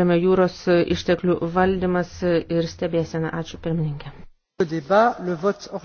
Remia jūros išteklių valdymas ir stebėsena. Ačiū pirmininkė.